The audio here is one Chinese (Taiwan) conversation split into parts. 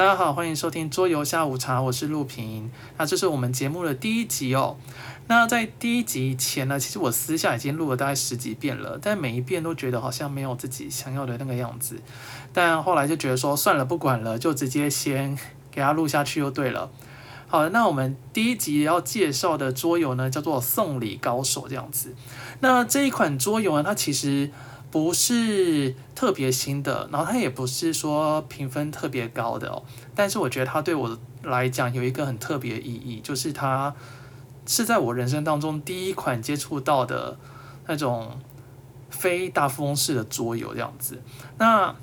大家好，歡迎收聽桌遊下午茶，我是陸平。那這是我們節目的第一集哦。那在第一集前呢，其實我私下已經錄了大概十幾遍了，但每一遍都覺得好像沒有自己想要的那個樣子。但後來就覺得說算了，不管了，就直接先給他錄下去就對了。好，那我們第一集要介紹的桌遊呢，叫做送禮高手這樣子。那這一款桌遊呢，它其實。不是特別新的，然後它也不是說評分特別高的哦，但是我覺得它對我來講有一個很特別的意義，就是它是在我人生當中第一款接觸到的那種非大富翁式的桌遊這樣子。那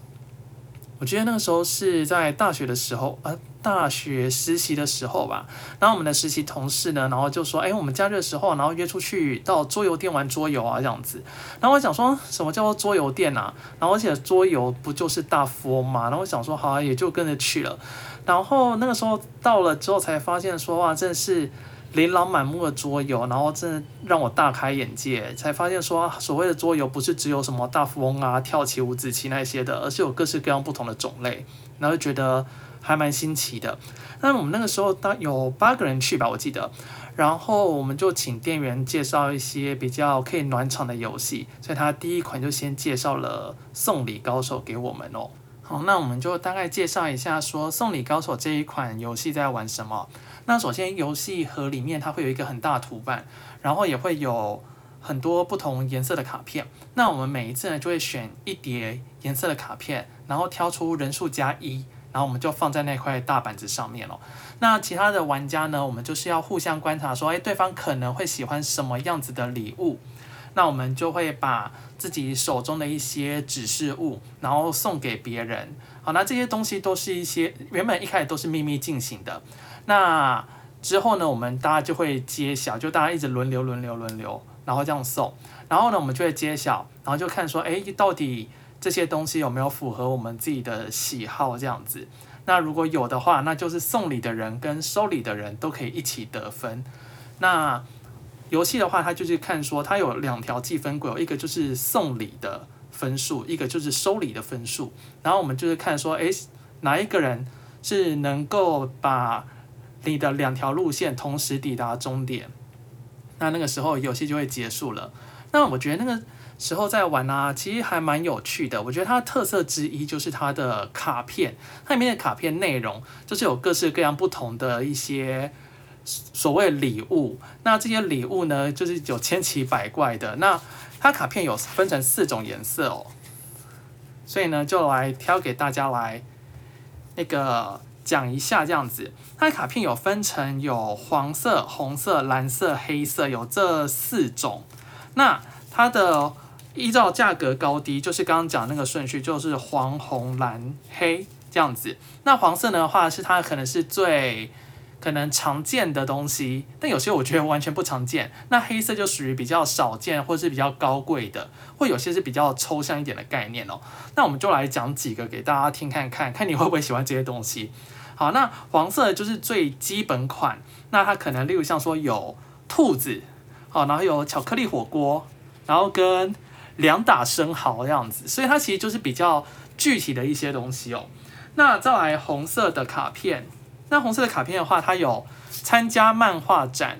我覺得那個時候是在大學的時候啊。大學實習的時候吧，然後我們的實習同事呢，然後就說：“哎、欸，我們假日的時候，然後約出去到桌遊店玩桌遊啊，這樣子。”然後我想說：“什麼叫做桌遊店啊？”然後而且桌遊不就是大富翁嘛，啊？然後我想說：“好，啊，也就跟着去了。”然後那個時候到了之後，才發現說：“哇，真的是琳琅滿目的桌遊，然後真的讓我大開眼界。”才發現說，所謂的桌遊不是只有什麼大富翁啊、跳棋、五子棋那些的，而是有各式各樣不同的種類。然後覺得。還蠻新奇的。那我們那個時候，大概有八個人去吧，我記得。然後我們就請店員介紹一些比較可以暖場的遊戲，所以他第一款就先介紹了《送禮高手》給我們哦。好，那我們就大概介紹一下，說《送禮高手》這一款遊戲在玩什麼。那首先，遊戲盒裡面它會有一個很大圖板，然後也會有很多不同顏色的卡片。那我們每一次呢，就會選一疊顏色的卡片，然後挑出人數加一。1, 然後我們就放在那塊大板子上面嘍。那其他的玩家呢？我們就是要互相觀察，說，哎，對方可能會喜歡什麼樣子的禮物。那我們就會把自己手中的一些指示物，然後送給別人。好，那這些東西都是一些原本一開始都是秘密進行的。那之後呢，我們大家就會揭曉，就大家一直輪流輪流輪流，然後這樣送。然後呢，我們就會揭曉，然後就看說，哎，到底。這些東西有沒有符合我們自己的喜好？這樣子，那如果有的話，那就是送禮的人跟收禮的人都可以一起得分。那遊戲的話，它就是看說，它有兩條計分軌，一個就是送禮的分數，一個就是收禮的分數。然後我們就是看說，誒，哪一個人是能夠把你的兩條路線同時抵達終點？那那個時候遊戲就會結束了。那我覺得那個時候在玩啊，其實還蠻有趣的。我覺得它的特色之一就是它的卡片，它裡面的卡片內容就是有各式各樣不同的一些所謂禮物。那這些禮物呢，就是有千奇百怪的。那它卡片有分成四種顏色哦，所以呢，就來挑給大家來那個講一下這樣子。它的卡片有分成有黃色、紅色、藍色、黑色，有這四種。那它的依照價格高低，就是剛剛講的那個順序，就是黃、紅、藍、黑這樣子。那黃色的話是它可能是最可能常見的東西，但有些我覺得完全不常見。那黑色就屬於比較少見或是比較高貴的，會有些是比較抽象一點的概念哦。那我們就來講幾個給大家聽看看，看你會不會喜歡這些東西。好，那黃色就是最基本款，那它可能例如像說有兔子。哦，然後有巧克力火鍋，然後跟兩打生蠔這樣子，所以它其實就是比較具體的一些東西哦。那再來紅色的卡片，那紅色的卡片的話，它有參加漫畫展，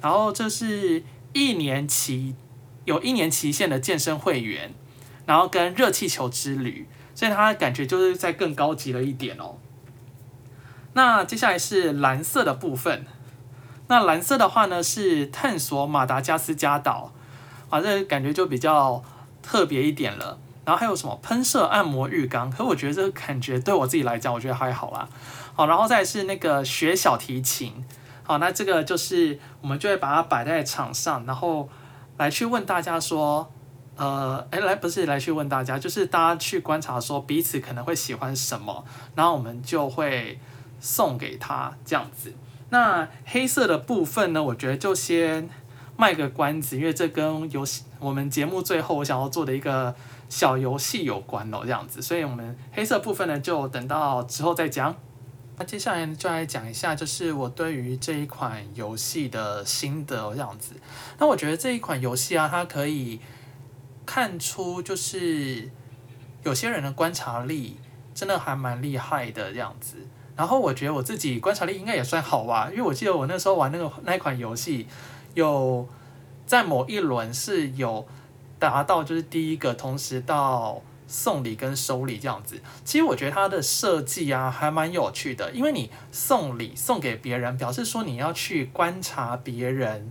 然後這是一年期，有一年期限的健身會員，然後跟熱氣球之旅，所以它感覺就是在更高級了一點哦。那接下來是藍色的部分。那藍色的話呢是探索馬達加斯加島，啊，這感覺就比較特別一點了。然後還有什麼噴射按摩浴缸？可我覺得這個感覺對我自己來講，我覺得還好啦。好，然後再是那個學小提琴。好，那這個就是我們就會把它擺在場上，然後來去問大家說，呃，誒，來不是來去問大家，就是大家去觀察說彼此可能會喜歡什麼，然後我們就會送給他這樣子。那黑色的部分呢？我覺得就先賣個關子，因為這跟遊戲我們節目最後我想要做的一個小遊戲有關哦，這樣子，所以我們黑色部分呢就等到之後再講。那接下來就來講一下，就是我對於這一款遊戲的心得哦，這樣子。那我覺得這一款遊戲啊，它可以看出就是有些人的觀察力真的還蠻厲害的這樣子。然後我覺得我自己觀察力應該也算好吧啊，因為我記得我那時候玩那個那一款遊戲，有在某一輪是有達到就是第一個同時到送禮跟收禮這樣子。其實我覺得它的設計啊還蠻有趣的，因為你送禮送給別人，表示說你要去觀察別人，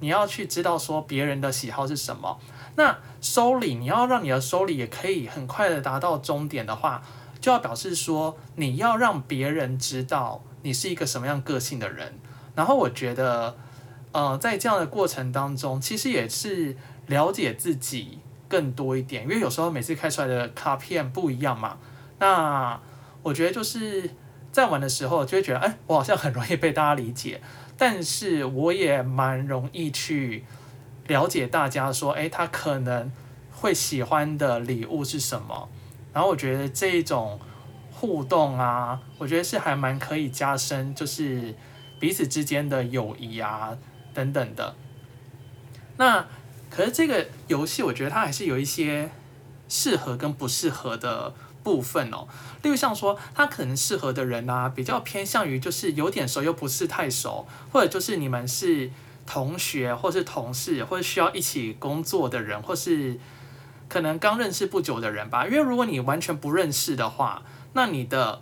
你要去知道說別人的喜好是什麼。那收禮，你要讓你的收禮也可以很快的達到終點的話，就要表示說，你要讓別人知道你是一個什麼樣個性的人。然後我覺得，呃，在這樣的過程當中，其實也是了解自己更多一點。因為有時候每次開出來的卡片不一樣嘛。那我覺得就是在玩的時候就會覺得，哎，我好像很容易被大家理解，但是我也蠻容易去了解大家說，哎，他可能會喜歡的禮物是什麼。然後我覺得這一種互動啊，我覺得是還蠻可以加深，就是彼此之間的友誼啊等等的。那可是這個遊戲，我覺得它還是有一些適合跟不適合的部分哦。例如像說，它可能適合的人啊，比較偏向於就是有點熟又不是太熟，或者就是你們是同學或是同事，或者需要一起工作的人，或是。可能剛認識不久的人吧，因為如果你完全不認識的話，那你的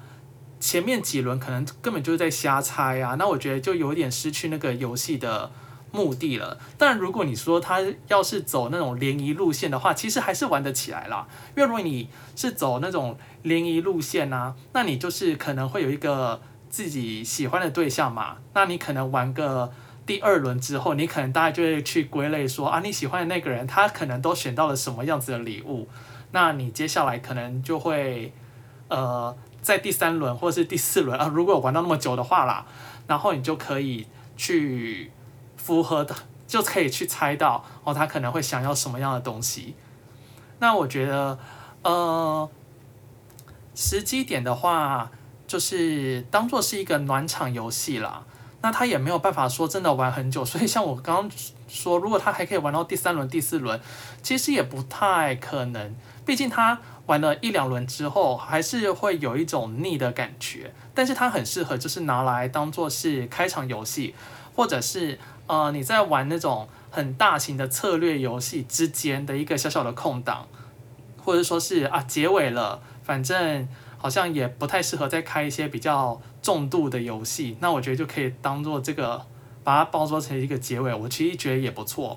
前面幾輪可能根本就是在瞎猜啊。那我覺得就有點失去那個遊戲的目的了。但如果你說他要是走那種聯誼路線的話，其實還是玩得起來啦。因為如果你是走那種聯誼路線啊，那你就是可能會有一個自己喜歡的對象嘛。那你可能玩個。第二輪之後，你可能大家就會去歸類說啊，你喜歡的那個人，他可能都選到了什麼樣子的禮物？那你接下來可能就會，呃，在第三輪或是第四輪啊，如果有玩到那麼久的話啦，然後你就可以去符合的，就可以去猜到哦，他可能會想要什麼樣的東西？那我覺得，呃，時機點的話，就是當做是一個暖場遊戲啦。那他也沒有辦法說真的玩很久，所以像我剛剛說，如果他還可以玩到第三輪、第四輪，其實也不太可能。畢竟他玩了一兩輪之後，還是會有一種膩的感覺。但是他很適合，就是拿來當做是開場遊戲，或者是呃你在玩那種很大型的策略遊戲之間的一個小小的空檔，或者說是啊結尾了，反正好像也不太適合再開一些比較。重度的遊戲，那我覺得就可以當做這個，把它包裝成一個結尾，我其實覺得也不錯。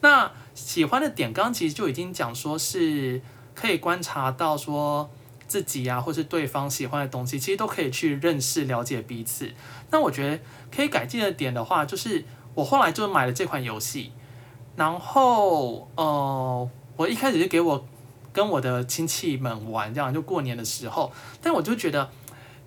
那喜歡的點，剛剛其實就已經講說是可以觀察到說自己呀、啊，或是對方喜歡的東西，其實都可以去認識了解彼此。那我覺得可以改進的點的話，就是我後來就買了這款遊戲，然後呃，我一開始就給我跟我的親戚們玩，這樣就過年的時候，但我就覺得，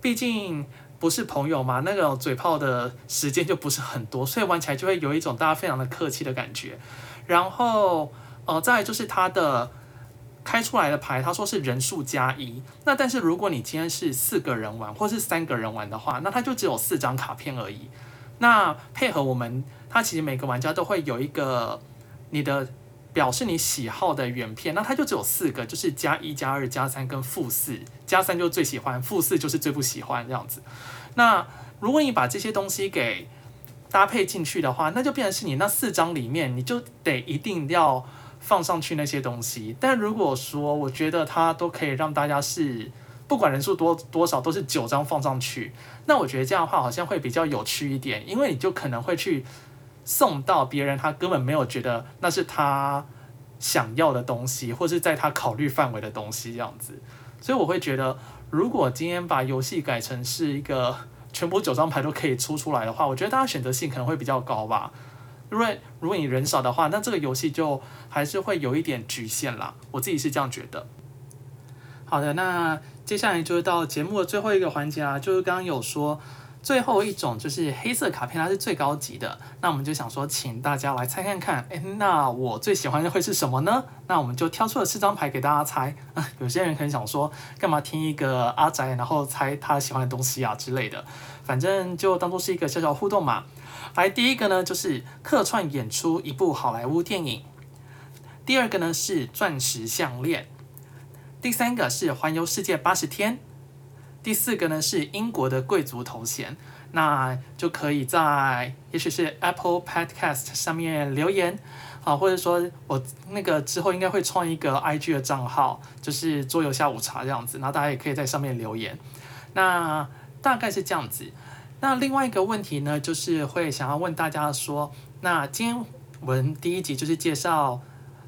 畢竟。不是朋友嘛，那個嘴炮的時間就不是很多，所以玩起來就會有一種大家非常的客氣的感覺。然後，呃，再來就是他的開出來的牌，他說是人數加一。那但是如果你今天是四個人玩，或是三個人玩的話，那他就只有四張卡片而已。那配合我們，他其實每個玩家都會有一個你的，表示你喜好的圓片，那它就只有四個，就是加一、加二、加三跟負四。加三就最喜歡，負四就是最不喜歡這樣子。那如果你把這些東西給搭配進去的話，那就變成是你那四張裡面，你就得一定要放上去那些東西。但如果說我覺得它都可以讓大家是不管人數多多少都是九張放上去，那我覺得這樣的話好像會比較有趣一點，因為你就可能會去。送到別人，他根本沒有覺得那是他想要的東西，或是在他考慮範圍的東西這樣子。所以我會覺得，如果今天把遊戲改成是一個全部九張牌都可以出出來的話，我覺得大家選擇性可能會比較高吧。因為如果你人少的話，那這個遊戲就還是會有一點局限啦。我自己是這樣覺得。好的，那接下來就是到節目的最後一個環節啊，就是剛剛有說。最後一種就是黑色卡片，它是最高級的。那我們就想說，請大家來猜看看，哎、欸，那我最喜歡的會是什麼呢？那我們就挑出了四張牌給大家猜。啊，有些人可能想說，幹嘛聽一個阿宅，然後猜他喜歡的東西啊之類的？反正就當做是一個小小互動嘛。來，第一個呢就是客串演出一部好萊塢電影，第二個呢是鑽石項鏈，第三個是環遊世界八十天。第四個呢是英國的貴族頭銜，那就可以在也許是 Apple Podcast 上面留言，好、啊，或者說我那個之後應該會創一個 IG 的賬號，就是桌遊下午茶這樣子，那大家也可以在上面留言。那大概是這樣子。那另外一個問題呢，就是會想要問大家說，那今天我們第一集就是介紹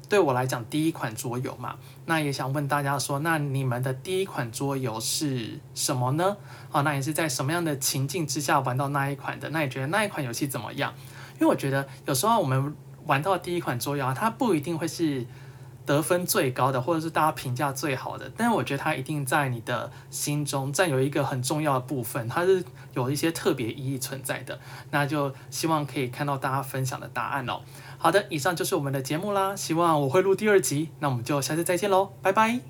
對我來講第一款桌遊嘛。那也想問大家說，那你們的第一款桌遊是什麼呢？好，那你是在什麼樣的情境之下玩到那一款的？那你覺得那一款遊戲怎麼樣？因為我覺得有時候我們玩到第一款桌遊，它不一定會是。得分最高的，或者是大家評價最好的，但是我覺得它一定在你的心中佔有一個很重要的部分，它是有一些特別意義存在的。那就希望可以看到大家分享的答案哦。好的，以上就是我們的節目啦，希望我會錄第二集，那我們就下次再見嘍，拜拜。